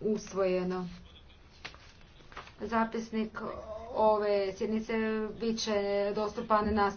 usvojeno. Zapisnik ove sjednice bit će dostupan na